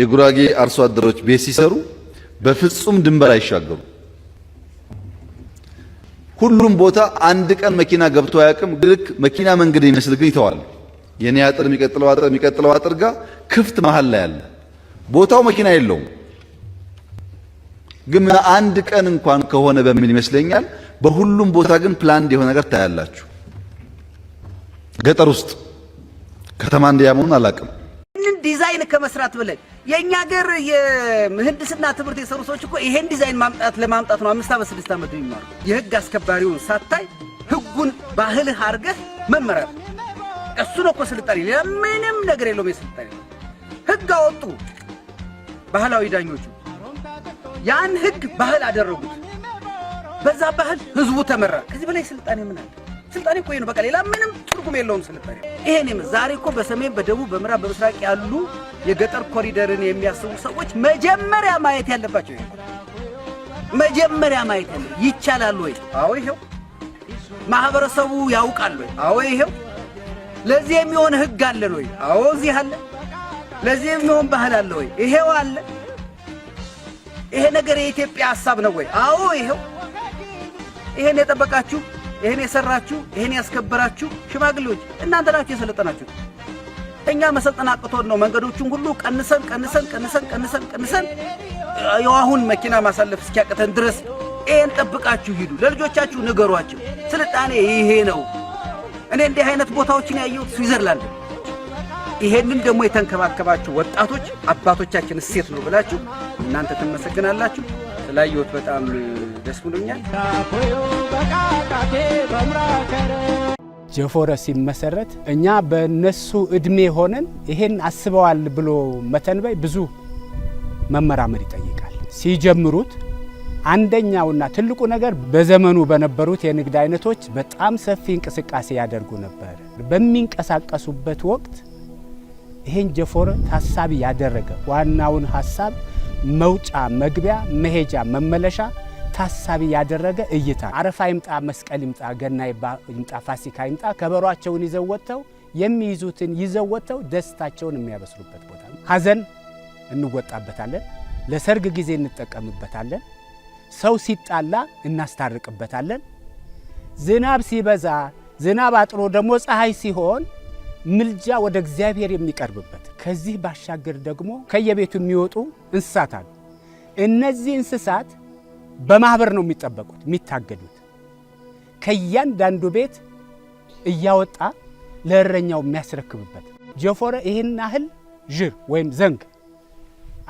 የጉራጌ አርሶ አደሮች ቤት ሲሰሩ በፍጹም ድንበር አይሻገሩ። ሁሉም ቦታ አንድ ቀን መኪና ገብቶ አያውቅም። ልክ መኪና መንገድ የሚመስል ግን ይተዋል። የኔ አጥር የሚቀጥለው አጥር የሚቀጥለው አጥር ጋር ክፍት መሀል ላይ አለ። ቦታው መኪና የለውም፣ ግን አንድ ቀን እንኳን ከሆነ በሚል ይመስለኛል። በሁሉም ቦታ ግን ፕላንድ የሆነ ነገር ታያላችሁ። ገጠር ውስጥ ከተማ እንዲያመውን አላውቅም። ይሄንን ዲዛይን ከመስራት ብለን የእኛ ሀገር የምህንድስና ትምህርት የሰሩ ሰዎች እኮ ይሄን ዲዛይን ማምጣት ለማምጣት ነው አምስት ዓመት ስድስት ዓመት የሚማሩ። የህግ አስከባሪውን ሳታይ ህጉን ባህልህ አድርገህ መመረር እሱ ነው እኮ ስልጣኔ። ሌላ ምንም ነገር የለውም። የስልጣኔ ህግ አወጡ ባህላዊ ዳኞቹ ያን ህግ ባህል አደረጉት። በዛ ባህል ህዝቡ ተመራ። ከዚህ በላይ ስልጣኔ ምን አለ? ስልጣኔ እኮ ይሄ ነው። በቃ ሌላ ምንም ትርጉም የለውም ስልጣኔ። ይሄንም ዛሬ እኮ በሰሜን፣ በደቡብ፣ በምዕራብ፣ በምስራቅ ያሉ የገጠር ኮሪደርን የሚያስቡ ሰዎች መጀመሪያ ማየት ያለባቸው ይሄ መጀመሪያ ማየት ያለ ይቻላል ወይ? አዎ ይሄው። ማህበረሰቡ ያውቃል ወይ? አዎ ይሄው። ለዚህ የሚሆን ህግ አለ ወይ? አዎ እዚህ አለ። ለዚህ የሚሆን ባህል አለ ወይ? ይሄው አለ። ይሄ ነገር የኢትዮጵያ ሀሳብ ነው ወይ? አዎ ይሄው። ይሄን የጠበቃችሁ ይህን የሰራችሁ ይህን ያስከበራችሁ ሽማግሌዎች እናንተ ናችሁ የሰለጠናችሁ። እኛ መሰልጠን አቅቶን ነው መንገዶቹን ሁሉ ቀንሰን ቀንሰን ቀንሰን ቀንሰን ቀንሰን የዋሁን መኪና ማሳለፍ እስኪያቅተን ድረስ ይህን ጠብቃችሁ ሂዱ። ለልጆቻችሁ ንገሯቸው። ስልጣኔ ይሄ ነው። እኔ እንዲህ አይነት ቦታዎችን ያየሁት ስዊዘርላንድ። ይሄንን ደግሞ የተንከባከባችሁ ወጣቶች አባቶቻችን እሴት ነው ብላችሁ እናንተ ትመሰግናላችሁ። ስላየሁት በጣም ደስ ብሎኛል። ጀፎረ ሲመሰረት እኛ በነሱ እድሜ ሆነን ይሄን አስበዋል ብሎ መተንበይ ብዙ መመራመር ይጠይቃል። ሲጀምሩት አንደኛውና ትልቁ ነገር በዘመኑ በነበሩት የንግድ አይነቶች በጣም ሰፊ እንቅስቃሴ ያደርጉ ነበር። በሚንቀሳቀሱበት ወቅት ይሄን ጀፎረ ታሳቢ ያደረገ ዋናውን ሀሳብ መውጫ፣ መግቢያ፣ መሄጃ፣ መመለሻ ታሳቢ ያደረገ እይታ አረፋ ይምጣ፣ መስቀል ይምጣ፣ ገና ይምጣ፣ ፋሲካ ይምጣ ከበሯቸውን ይዘው ወጥተው የሚይዙትን ይዘው ወጥተው ደስታቸውን የሚያበስሩበት ቦታ ነው። ሀዘን እንወጣበታለን፣ ለሰርግ ጊዜ እንጠቀምበታለን፣ ሰው ሲጣላ እናስታርቅበታለን። ዝናብ ሲበዛ ዝናብ አጥሮ ደግሞ ፀሐይ ሲሆን ምልጃ ወደ እግዚአብሔር የሚቀርብበት ከዚህ ባሻገር ደግሞ ከየቤቱ የሚወጡ እንስሳት አሉ። እነዚህ እንስሳት በማህበር ነው የሚጠበቁት የሚታገዱት። ከእያንዳንዱ ቤት እያወጣ ለእረኛው የሚያስረክብበት ጀፎረ ይህን ያህል ዥር ወይም ዘንግ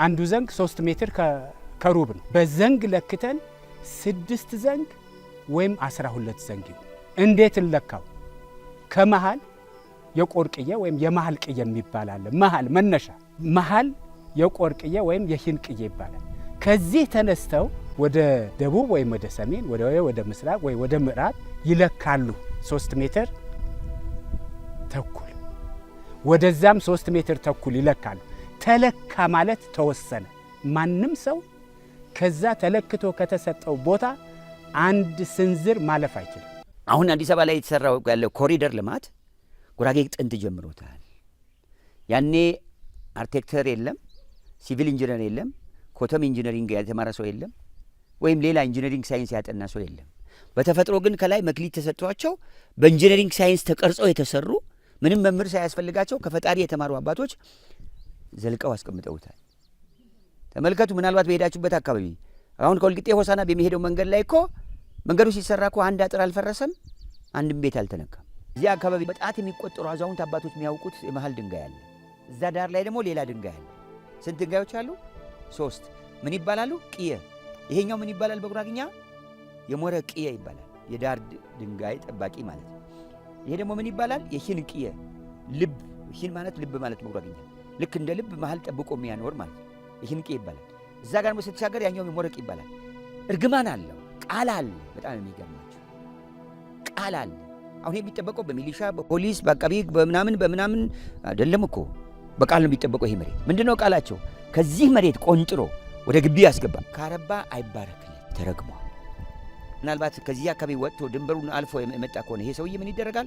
አንዱ ዘንግ ሶስት ሜትር ከሩብ ነው። በዘንግ ለክተን ስድስት ዘንግ ወይም አስራ ሁለት ዘንግ ይሁን። እንዴት እንለካው? ከመሃል የቆርቅዬ ወይም የመሃል ቅዬ የሚባል አለ። መሃል መነሻ መሃል የቆርቅዬ ወይም የሂን ቅዬ ይባላል። ከዚህ ተነስተው ወደ ደቡብ ወይም ወደ ሰሜን ወደ ወደ ምስራቅ ወይ ወደ ምዕራብ ይለካሉ። ሶስት ሜትር ተኩል ወደዛም ሶስት ሜትር ተኩል ይለካሉ። ተለካ ማለት ተወሰነ። ማንም ሰው ከዛ ተለክቶ ከተሰጠው ቦታ አንድ ስንዝር ማለፍ አይችልም። አሁን አዲስ አበባ ላይ የተሰራው ያለው ኮሪደር ልማት ጉራጌ ጥንት ጀምሮታል። ያኔ አርቴክተር የለም፣ ሲቪል ኢንጂነር የለም፣ ኮተም ኢንጂነሪንግ ያልተማረ ሰው የለም። ወይም ሌላ ኢንጂነሪንግ ሳይንስ ያጠና ሰው የለም። በተፈጥሮ ግን ከላይ መክሊት ተሰጥቷቸው በኢንጂነሪንግ ሳይንስ ተቀርጸው የተሰሩ ምንም መምህር ሳያስፈልጋቸው ከፈጣሪ የተማሩ አባቶች ዘልቀው አስቀምጠውታል። ተመልከቱ። ምናልባት በሄዳችሁበት አካባቢ አሁን ከወልቂጤ ሆሳና በሚሄደው መንገድ ላይ እኮ መንገዱ ሲሰራ እኮ አንድ አጥር አልፈረሰም፣ አንድም ቤት አልተነካም። እዚህ አካባቢ በጣት የሚቆጠሩ አዛውንት አባቶች የሚያውቁት የመሀል ድንጋይ አለ። እዛ ዳር ላይ ደግሞ ሌላ ድንጋይ አለ። ስንት ድንጋዮች አሉ? ሶስት። ምን ይባላሉ? ቅየ ይሄኛው ምን ይባላል? በጉራግኛ የሞረቅየ ይባላል። የዳር ድንጋይ ጠባቂ ማለት ነው። ይሄ ደግሞ ምን ይባላል? የሽንቅየ ልብ። ሂን ማለት ልብ ማለት በጉራግኛ ልክ እንደ ልብ መሀል ጠብቆ የሚያኖር ማለት ነው። ይህን ይባላል። እዛ ጋር ደግሞ ስትሻገር ያኛውም የሞረቅ ይባላል። እርግማን አለው፣ ቃል አለ። በጣም የሚገርማቸው ቃል አለ። አሁን የሚጠበቀው በሚሊሻ በፖሊስ በአቃቢ በምናምን በምናምን አይደለም እኮ በቃል ነው የሚጠበቀው። ይሄ መሬት ምንድነው ቃላቸው? ከዚህ መሬት ቆንጥሮ ወደ ግቢ ያስገባል። ካረባ አይባረክለት፣ ተረግሟል። ምናልባት ከዚህ አካባቢ ወጥቶ ድንበሩን አልፎ የመጣ ከሆነ ይሄ ሰውዬ ምን ይደረጋል?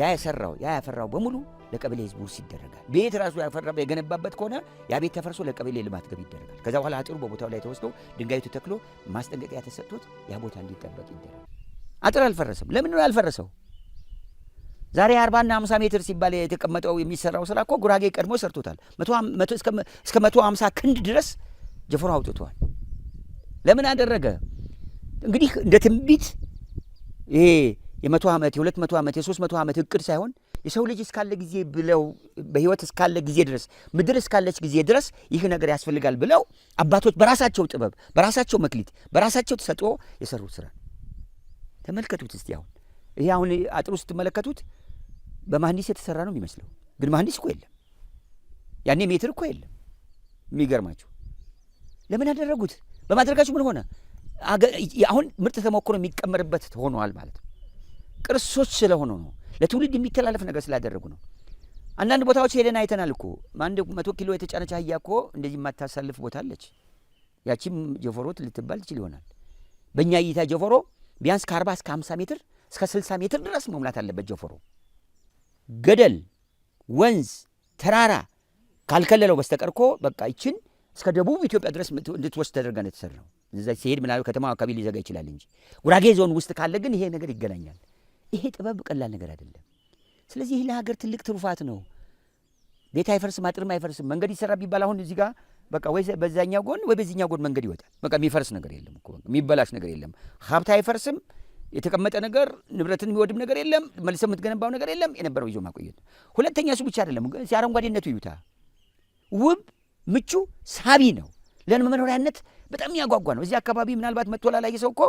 ያ የሰራው ያ ያፈራው በሙሉ ለቀበሌ ህዝቡ ውስጥ ይደረጋል። ቤት ራሱ ያፈራ የገነባበት ከሆነ ያ ቤት ተፈርሶ ለቀበሌ ልማት ገብ ይደረጋል። ከዛ በኋላ አጥሩ በቦታው ላይ ተወስዶ ድንጋዩ ተተክሎ ማስጠንቀቂያ ተሰጥቶት ያ ቦታ እንዲጠበቅ ይደረጋል። አጥር አልፈረሰም። ለምን ነው ያልፈረሰው? ዛሬ 40ና 50 ሜትር ሲባል የተቀመጠው የሚሰራው ስራ እኮ ጉራጌ ቀድሞ ሰርቶታል። እስከ አምሳ ክንድ ድረስ ጀፈሮ አውጥቷል። ለምን አደረገ? እንግዲህ እንደ ትንቢት ይሄ የመቶ ዓመት የሁለት መቶ ዓመት የሶስት መቶ ዓመት እቅድ ሳይሆን የሰው ልጅ እስካለ ጊዜ ብለው በህይወት እስካለ ጊዜ ድረስ ምድር እስካለች ጊዜ ድረስ ይህ ነገር ያስፈልጋል ብለው አባቶች በራሳቸው ጥበብ፣ በራሳቸው መክሊት፣ በራሳቸው ተሰጥኦ የሰሩት ስራ ተመልከቱት እስቲ። አሁን ይሄ አሁን አጥሩ ስትመለከቱት በመሀንዲስ የተሰራ ነው የሚመስለው፣ ግን መሀንዲስ እኮ የለም። ያኔ ሜትር እኮ የለም። የሚገርማቸው ለምን ያደረጉት? በማድረጋቸው ምን ሆነ? አሁን ምርጥ ተሞክሮ የሚቀመርበት ሆኗል ማለት ነው። ቅርሶች ስለሆኑ ነው። ለትውልድ የሚተላለፍ ነገር ስላደረጉ ነው። አንዳንድ ቦታዎች ሄደን አይተናል እኮ አንድ መቶ ኪሎ የተጫነች አህያ እኮ እንደዚህ የማታሳልፍ ቦታ አለች። ያቺም ጀፎሮ ልትባል ትችል ይሆናል። በእኛ እይታ ጀፎሮ ቢያንስ ከ40 እስከ 50 ሜትር እስከ 60 ሜትር ድረስ መሙላት አለበት። ጀፎሮ ገደል፣ ወንዝ፣ ተራራ ካልከለለው በስተቀር እኮ በቃ ይችን እስከ ደቡብ ኢትዮጵያ ድረስ እንድትወስድ ተደርገ ነው የተሰራው። እዛ ሲሄድ ምናል ከተማ አካባቢ ሊዘጋ ይችላል እንጂ ጉራጌ ዞን ውስጥ ካለ ግን ይሄ ነገር ይገናኛል። ይሄ ጥበብ ቀላል ነገር አይደለም። ስለዚህ ይህ ለሀገር ትልቅ ትሩፋት ነው። ቤት አይፈርስም፣ አጥርም አይፈርስም። መንገድ ይሰራ ቢባል አሁን እዚህ ጋር በቃ ወይ በዛኛው ጎን ወይ በዚህኛው ጎን መንገድ ይወጣል። በቃ የሚፈርስ ነገር የለም እኮ የሚበላሽ ነገር የለም። ሀብት አይፈርስም። የተቀመጠ ነገር ንብረትን የሚወድም ነገር የለም። መልሰ የምትገነባው ነገር የለም። የነበረው ይዞ ማቆየት። ሁለተኛ እሱ ብቻ አይደለም፣ አረንጓዴነቱ ይዩታ ውብ ምቹ ሳቢ ነው። ለመኖሪያነት በጣም ያጓጓ ነው። እዚህ አካባቢ ምናልባት መቶ ላላየ ሰው እኮ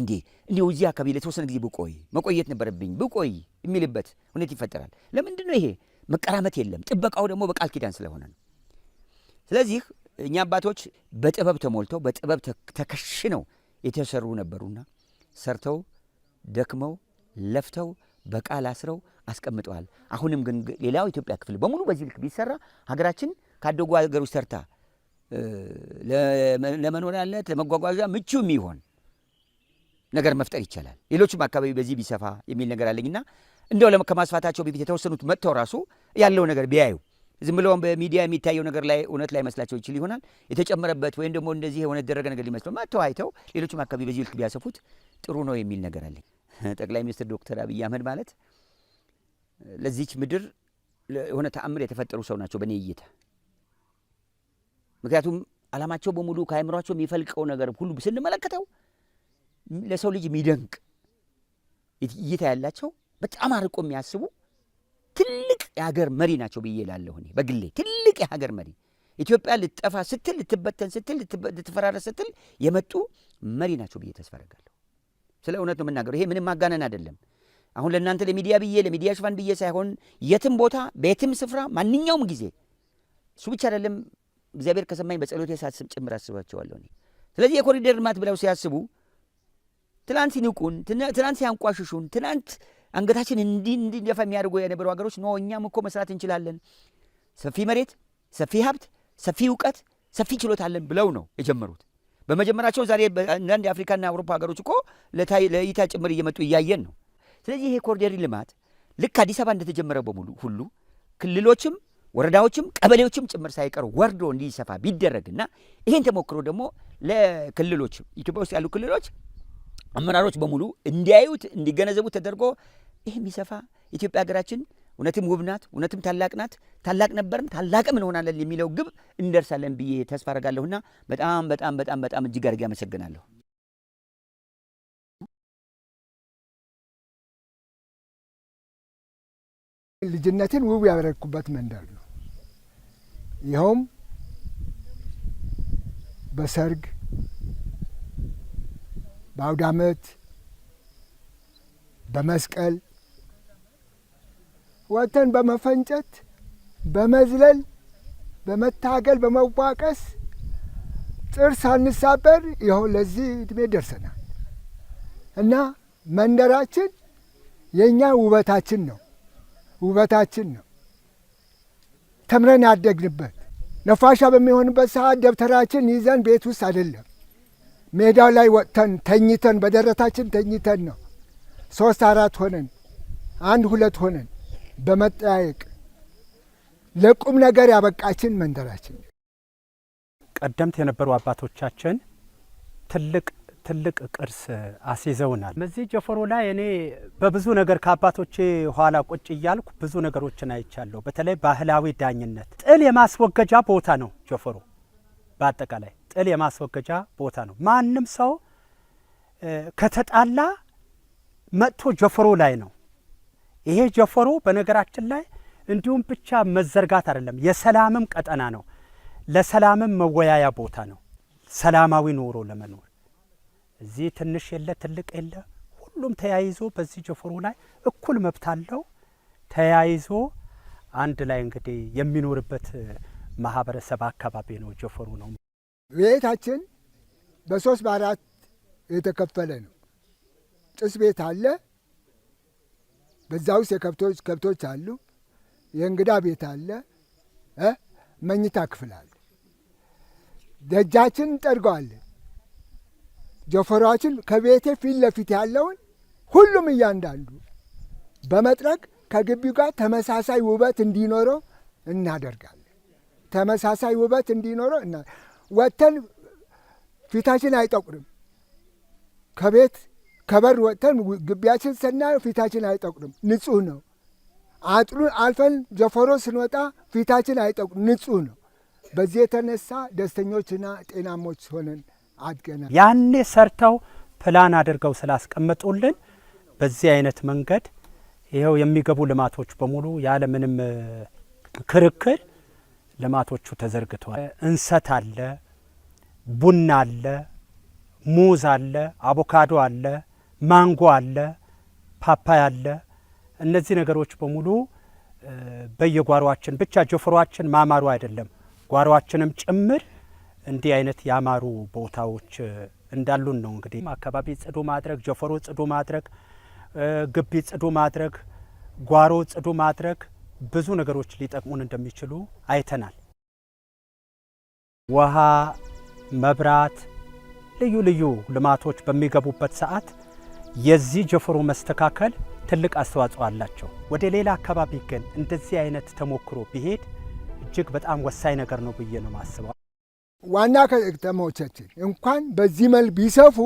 እንዴ እንዲሁ እዚህ አካባቢ ለተወሰነ ጊዜ ብቆይ መቆየት ነበረብኝ ብቆይ የሚልበት ሁኔታ ይፈጠራል። ለምንድን ነው ይሄ? መቀራመት የለም። ጥበቃው ደግሞ በቃል ኪዳን ስለሆነ ነው። ስለዚህ እኛ አባቶች በጥበብ ተሞልተው በጥበብ ተከሽነው የተሰሩ ነበሩና ሰርተው ደክመው ለፍተው በቃል አስረው አስቀምጠዋል። አሁንም ግን ሌላው ኢትዮጵያ ክፍል በሙሉ በዚህ ልክ ቢሰራ ሀገራችን ካደጉ ሀገሮች ሰርታ ለመኖሪያነት ለመጓጓዣ ምቹ የሚሆን ነገር መፍጠር ይቻላል። ሌሎችም አካባቢ በዚህ ቢሰፋ የሚል ነገር አለኝና እንደው ከማስፋታቸው በፊት የተወሰኑት መጥተው ራሱ ያለው ነገር ቢያዩ ዝም ብለውም በሚዲያ የሚታየው ነገር ላይ እውነት ላይ መስላቸው ይችል ይሆናል የተጨመረበት ወይም ደግሞ እንደዚህ የሆነ ደረገ ነገር ሊመስለው መጥተው አይተው ሌሎችም አካባቢ በዚህ ልክ ቢያሰፉት ጥሩ ነው የሚል ነገር አለኝ። ጠቅላይ ሚኒስትር ዶክተር አብይ አህመድ ማለት ለዚች ምድር የሆነ ተአምር የተፈጠሩ ሰው ናቸው በእኔ እይታ። ምክንያቱም አላማቸው በሙሉ ከአይምሯቸው የሚፈልቀው ነገር ሁሉ ስንመለከተው ለሰው ልጅ የሚደንቅ እይታ ያላቸው በጣም አርቆ የሚያስቡ ትልቅ የሀገር መሪ ናቸው ብዬ እላለሁ። እኔ በግሌ ትልቅ የሀገር መሪ ኢትዮጵያ ልትጠፋ ስትል፣ ልትበተን ስትል፣ ልትፈራረስ ስትል የመጡ መሪ ናቸው ብዬ ተስፋ አደርጋለሁ። ስለ እውነት ነው የምናገረው። ይሄ ምንም ማጋነን አይደለም። አሁን ለእናንተ ለሚዲያ ብዬ ለሚዲያ ሽፋን ብዬ ሳይሆን የትም ቦታ በየትም ስፍራ ማንኛውም ጊዜ እሱ ብቻ አይደለም እግዚአብሔር ከሰማኝ በጸሎቴ ሳስብ ጭምር አስባቸዋለሁ ስለዚህ የኮሪደር ልማት ብለው ሲያስቡ ትናንት ሲንቁን፣ ትናንት ሲያንቋሽሹን፣ ትናንት አንገታችን እንዲህ እንዲደፋ የሚያደርጉ የነበሩ ሀገሮች ኖ እኛም እኮ መስራት እንችላለን፣ ሰፊ መሬት፣ ሰፊ ሀብት፣ ሰፊ እውቀት፣ ሰፊ ችሎታ አለን ብለው ነው የጀመሩት። በመጀመራቸው ዛሬ አንዳንድ የአፍሪካና አውሮፓ ሀገሮች እኮ ለእይታ ጭምር እየመጡ እያየን ነው። ስለዚህ ይሄ ኮሪደር ልማት ልክ አዲስ አበባ እንደተጀመረ በሙሉ ሁሉ ክልሎችም ወረዳዎችም ቀበሌዎችም ጭምር ሳይቀር ወርዶ እንዲሰፋ ቢደረግና ይህን ተሞክሮ ደግሞ ለክልሎች ኢትዮጵያ ውስጥ ያሉ ክልሎች አመራሮች በሙሉ እንዲያዩት እንዲገነዘቡት ተደርጎ ይህ የሚሰፋ ኢትዮጵያ ሀገራችን እውነትም ውብ ናት፣ እውነትም ታላቅ ናት፣ ታላቅ ነበርን፣ ታላቅም እንሆናለን የሚለው ግብ እንደርሳለን ብዬ ተስፋ አረጋለሁና በጣም በጣም በጣም በጣም እጅግ አድርጌ አመሰግናለሁ። ልጅነትን ውብ ያደረግኩበት መንደር ነው። ይኸውም በሰርግ፣ በአውደ ዓመት፣ በመስቀል ወጥተን በመፈንጨት፣ በመዝለል፣ በመታገል፣ በመዋቀስ ጥርስ ሳንሳበር ይኸው ለዚህ እድሜ ደርሰናል እና መንደራችን የእኛ ውበታችን ነው። ውበታችን ነው። ተምረን ያደግንበት ነፋሻ በሚሆንበት ሰዓት ደብተራችን ይዘን ቤት ውስጥ አይደለም፣ ሜዳው ላይ ወጥተን ተኝተን በደረታችን ተኝተን ነው ሶስት አራት ሆነን አንድ ሁለት ሆነን በመጠያየቅ ለቁም ነገር ያበቃችን መንደራችን። ቀደምት የነበሩ አባቶቻችን ትልቅ ትልቅ ቅርስ አስይዘውናል። በዚህ ጀፈሮ ላይ እኔ በብዙ ነገር ከአባቶቼ ኋላ ቁጭ እያልኩ ብዙ ነገሮችን አይቻለሁ። በተለይ ባህላዊ ዳኝነት፣ ጥል የማስወገጃ ቦታ ነው ጀፈሮ በአጠቃላይ ጥል የማስወገጃ ቦታ ነው። ማንም ሰው ከተጣላ መጥቶ ጀፈሮ ላይ ነው። ይሄ ጀፈሮ በነገራችን ላይ እንዲሁም ብቻ መዘርጋት አይደለም፣ የሰላምም ቀጠና ነው። ለሰላምም መወያያ ቦታ ነው፣ ሰላማዊ ኑሮ ለመኖር እዚህ ትንሽ የለ ትልቅ የለ፣ ሁሉም ተያይዞ በዚህ ጀፈሮ ላይ እኩል መብት አለው። ተያይዞ አንድ ላይ እንግዲህ የሚኖርበት ማህበረሰብ አካባቢ ነው ጀፎሩ ነው። ቤታችን በሶስት በአራት የተከፈለ ነው። ጭስ ቤት አለ፣ በዛ ውስጥ የከብቶች ከብቶች አሉ። የእንግዳ ቤት አለ፣ መኝታ ክፍል አለ። ደጃችን እንጠርገዋለን። ጆፈሯችን ከቤቴ ፊት ለፊት ያለውን ሁሉም እያንዳንዱ በመጥረግ ከግቢው ጋር ተመሳሳይ ውበት እንዲኖረው እናደርጋለን። ተመሳሳይ ውበት እንዲኖረው እና ወጥተን ፊታችን አይጠቁርም። ከቤት ከበር ወጥተን ግቢያችን ስናየው ፊታችን አይጠቁርም፣ ንጹህ ነው። አጥሩን አልፈን ጀፈሮ ስንወጣ ፊታችን አይጠቁርም፣ ንጹህ ነው። በዚህ የተነሳ ደስተኞችና ጤናሞች ሆነን ያኔ ሰርተው ፕላን አድርገው ስላስቀመጡልን በዚህ አይነት መንገድ ይኸው የሚገቡ ልማቶች በሙሉ ያለ ምንም ክርክር ልማቶቹ ተዘርግተዋል። እንሰት አለ፣ ቡና አለ፣ ሙዝ አለ፣ አቮካዶ አለ፣ ማንጎ አለ፣ ፓፓያ አለ። እነዚህ ነገሮች በሙሉ በየጓሯችን ብቻ ጀፍሯችን ማማሩ አይደለም ጓሯችንም ጭምር እንዲህ አይነት ያማሩ ቦታዎች እንዳሉን ነው። እንግዲህ አካባቢ ጽዱ ማድረግ፣ ጀፈሮ ጽዱ ማድረግ፣ ግቢ ጽዱ ማድረግ፣ ጓሮ ጽዱ ማድረግ ብዙ ነገሮች ሊጠቅሙን እንደሚችሉ አይተናል። ውሃ፣ መብራት፣ ልዩ ልዩ ልማቶች በሚገቡበት ሰዓት የዚህ ጀፈሮ መስተካከል ትልቅ አስተዋጽኦ አላቸው። ወደ ሌላ አካባቢ ግን እንደዚህ አይነት ተሞክሮ ቢሄድ እጅግ በጣም ወሳኝ ነገር ነው ብዬ ነው ማስበው። ዋና ከተሞቻችን እንኳን በዚህ መልክ ቢሰፉ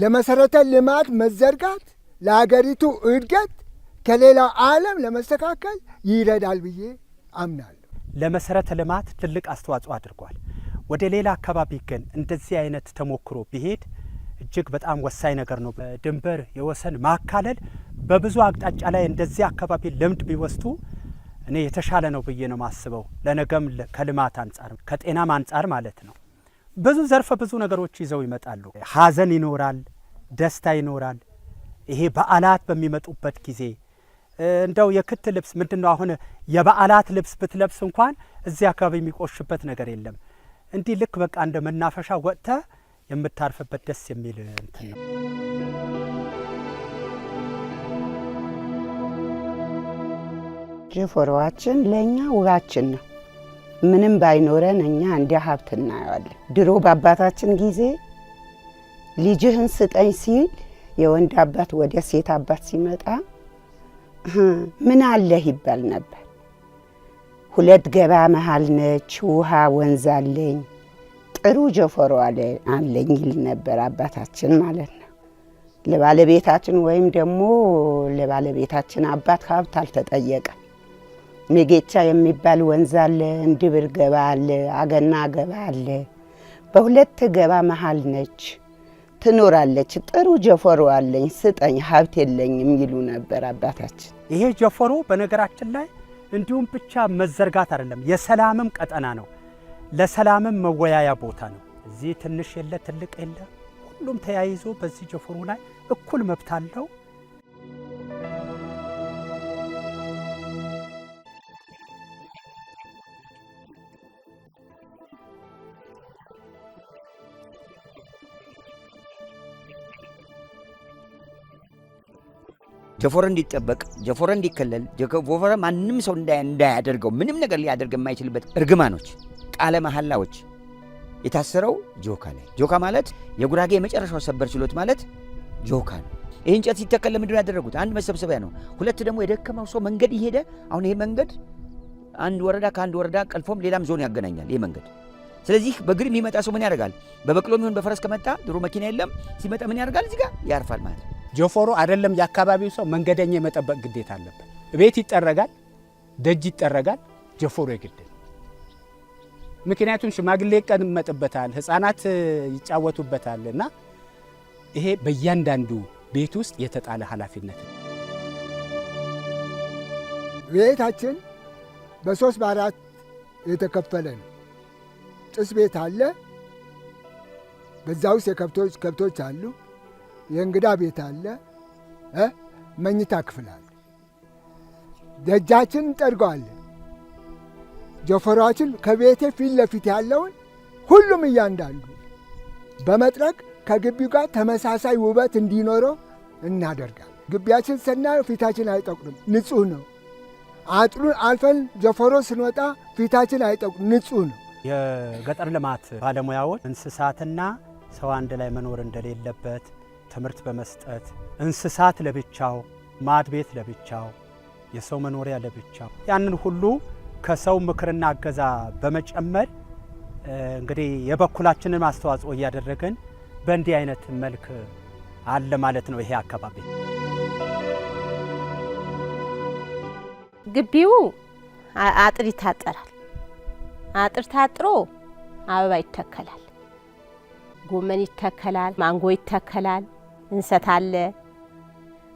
ለመሰረተ ልማት መዘርጋት ለሀገሪቱ እድገት ከሌላው ዓለም ለመስተካከል ይረዳል ብዬ አምናለሁ። ለመሰረተ ልማት ትልቅ አስተዋጽኦ አድርጓል። ወደ ሌላ አካባቢ ግን እንደዚህ አይነት ተሞክሮ ቢሄድ እጅግ በጣም ወሳኝ ነገር ነው። በድንበር የወሰን ማካለል በብዙ አቅጣጫ ላይ እንደዚህ አካባቢ ልምድ ቢወስዱ እኔ የተሻለ ነው ብዬ ነው ማስበው። ለነገም ከልማት አንጻር ከጤናም አንጻር ማለት ነው። ብዙ ዘርፈ ብዙ ነገሮች ይዘው ይመጣሉ። ሀዘን ይኖራል፣ ደስታ ይኖራል። ይሄ በዓላት በሚመጡበት ጊዜ እንደው የክት ልብስ ምንድን ነው አሁን የበዓላት ልብስ ብትለብስ እንኳን እዚህ አካባቢ የሚቆሽበት ነገር የለም። እንዲህ ልክ በቃ እንደ መናፈሻ ወጥተ የምታርፍበት ደስ የሚል እንትን ነው። ፎሮዋችን ለእኛ ውጋችን ነው። ምንም ባይኖረን እኛ እንደ ሀብት እናየዋለን። ድሮ በአባታችን ጊዜ ልጅህን ስጠኝ ሲል የወንድ አባት ወደ ሴት አባት ሲመጣ ምን አለህ ይባል ነበር። ሁለት ገባ መሀል ነች፣ ውሃ ወንዝ አለኝ፣ ጥሩ ጀፈሮ አለኝ ይል ነበር አባታችን ማለት ነው። ለባለቤታችን ወይም ደግሞ ለባለቤታችን አባት ሀብት አልተጠየቀ ሜጌቻ የሚባል ወንዝ አለ። እንድብር ገባ አለ። አገና ገባ አለ። በሁለት ገባ መሀል ነች ትኖራለች። ጥሩ ጀፈሮ አለኝ ስጠኝ ሀብት የለኝም ይሉ ነበር አባታችን። ይሄ ጀፈሮ በነገራችን ላይ እንዲሁም ብቻ መዘርጋት አይደለም፣ የሰላምም ቀጠና ነው። ለሰላምም መወያያ ቦታ ነው። እዚህ ትንሽ የለ ትልቅ የለ፣ ሁሉም ተያይዞ በዚህ ጀፈሮ ላይ እኩል መብት አለው። ጀፎረ እንዲጠበቅ ጀፎረ እንዲከለል ጀፎረ ማንም ሰው እንዳያደርገው ምንም ነገር ሊያደርግ የማይችልበት እርግማኖች፣ ቃለ መሐላዎች የታሰረው ጆካ ላይ። ጆካ ማለት የጉራጌ የመጨረሻው ሰበር ችሎት ማለት ጆካ ነው። ይህ እንጨት ሲተከል ለምንድን ነው ያደረጉት? አንድ መሰብሰቢያ ነው። ሁለት ደግሞ የደከመው ሰው መንገድ ይሄደ። አሁን ይሄ መንገድ አንድ ወረዳ ከአንድ ወረዳ ቀልፎም ሌላም ዞን ያገናኛል ይሄ መንገድ። ስለዚህ በእግር የሚመጣ ሰው ምን ያደርጋል? በበቅሎ የሚሆን በፈረስ ከመጣ ድሮ መኪና የለም ሲመጣ ምን ያደርጋል? እዚህ ጋር ያርፋል ማለት ነው። ጆፎሮ አይደለም የአካባቢው ሰው መንገደኛ የመጠበቅ ግዴታ አለበት። ቤት ይጠረጋል፣ ደጅ ይጠረጋል። ጆፎሮ የግድ ምክንያቱም ሽማግሌ ይቀመጥበታል፣ ህፃናት ይጫወቱበታል እና ይሄ በእያንዳንዱ ቤት ውስጥ የተጣለ ኃላፊነት ነው። ቤታችን በሶስት በአራት የተከፈለ ነው። ጭስ ቤት አለ። በዛ ውስጥ የከብቶች ከብቶች አሉ። የእንግዳ ቤት አለ፣ መኝታ ክፍል አለ። ደጃችን እንጠርገዋለን። ጆፈሯችን ከቤቴ ፊት ለፊት ያለውን ሁሉም እያንዳንዱ በመጥረግ ከግቢው ጋር ተመሳሳይ ውበት እንዲኖረው እናደርጋል። ግቢያችን ስናየው ፊታችን አይጠቁርም፣ ንጹህ ነው። አጥሩን አልፈን ጀፈሮ ስንወጣ ፊታችን አይጠቁም፣ ንጹህ ነው። የገጠር ልማት ባለሙያዎች እንስሳትና ሰው አንድ ላይ መኖር እንደሌለበት ትምህርት በመስጠት እንስሳት ለብቻው፣ ማድ ቤት ለብቻው፣ የሰው መኖሪያ ለብቻው ያንን ሁሉ ከሰው ምክርና እገዛ በመጨመር እንግዲህ የበኩላችንን ማስተዋጽኦ እያደረግን በእንዲህ አይነት መልክ አለ ማለት ነው። ይሄ አካባቢ ግቢው አጥር ይታጠራል። አጥር ታጥሮ አበባ ይተከላል፣ ጎመን ይተከላል፣ ማንጎ ይተከላል። እንሰት አለ፣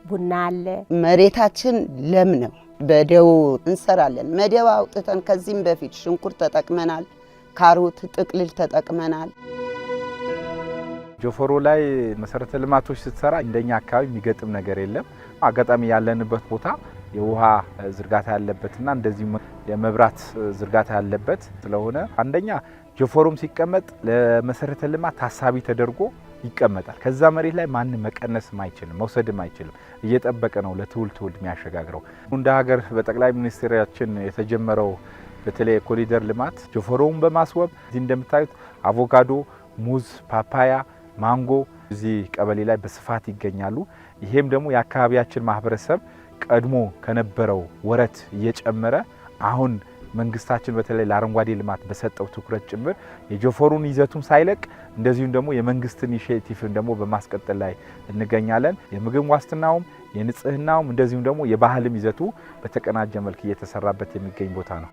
ቡና አለ። መሬታችን ለም ነው። በደው እንሰራለን። መደብ አውጥተን ከዚህም በፊት ሽንኩርት ተጠቅመናል፣ ካሮት ጥቅልል ተጠቅመናል። ጆፎሮ ላይ መሰረተ ልማቶች ስትሰራ እንደኛ አካባቢ የሚገጥም ነገር የለም። አጋጣሚ ያለንበት ቦታ የውሃ ዝርጋታ ያለበትና እንደዚህ የመብራት ዝርጋታ ያለበት ስለሆነ አንደኛ ጆፎሮም ሲቀመጥ ለመሰረተ ልማት ታሳቢ ተደርጎ ይቀመጣል። ከዛ መሬት ላይ ማንም መቀነስም አይችልም፣ መውሰድም አይችልም። እየጠበቀ ነው ለትውልድ ትውልድ የሚያሸጋግረው። እንደ ሀገር በጠቅላይ ሚኒስትራችን የተጀመረው በተለይ የኮሪደር ልማት ጆፈሮውን በማስዋብ እዚህ እንደምታዩት አቮካዶ፣ ሙዝ፣ ፓፓያ፣ ማንጎ እዚህ ቀበሌ ላይ በስፋት ይገኛሉ። ይሄም ደግሞ የአካባቢያችን ማህበረሰብ ቀድሞ ከነበረው ወረት እየጨመረ አሁን መንግስታችን በተለይ ለአረንጓዴ ልማት በሰጠው ትኩረት ጭምር የጆፈሩን ይዘቱም ሳይለቅ እንደዚሁም ደግሞ የመንግስት ኢኒሽቲቭን ደግሞ በማስቀጠል ላይ እንገኛለን። የምግብ ዋስትናውም የንጽህናውም እንደዚሁም ደግሞ የባህልም ይዘቱ በተቀናጀ መልክ እየተሰራበት የሚገኝ ቦታ ነው።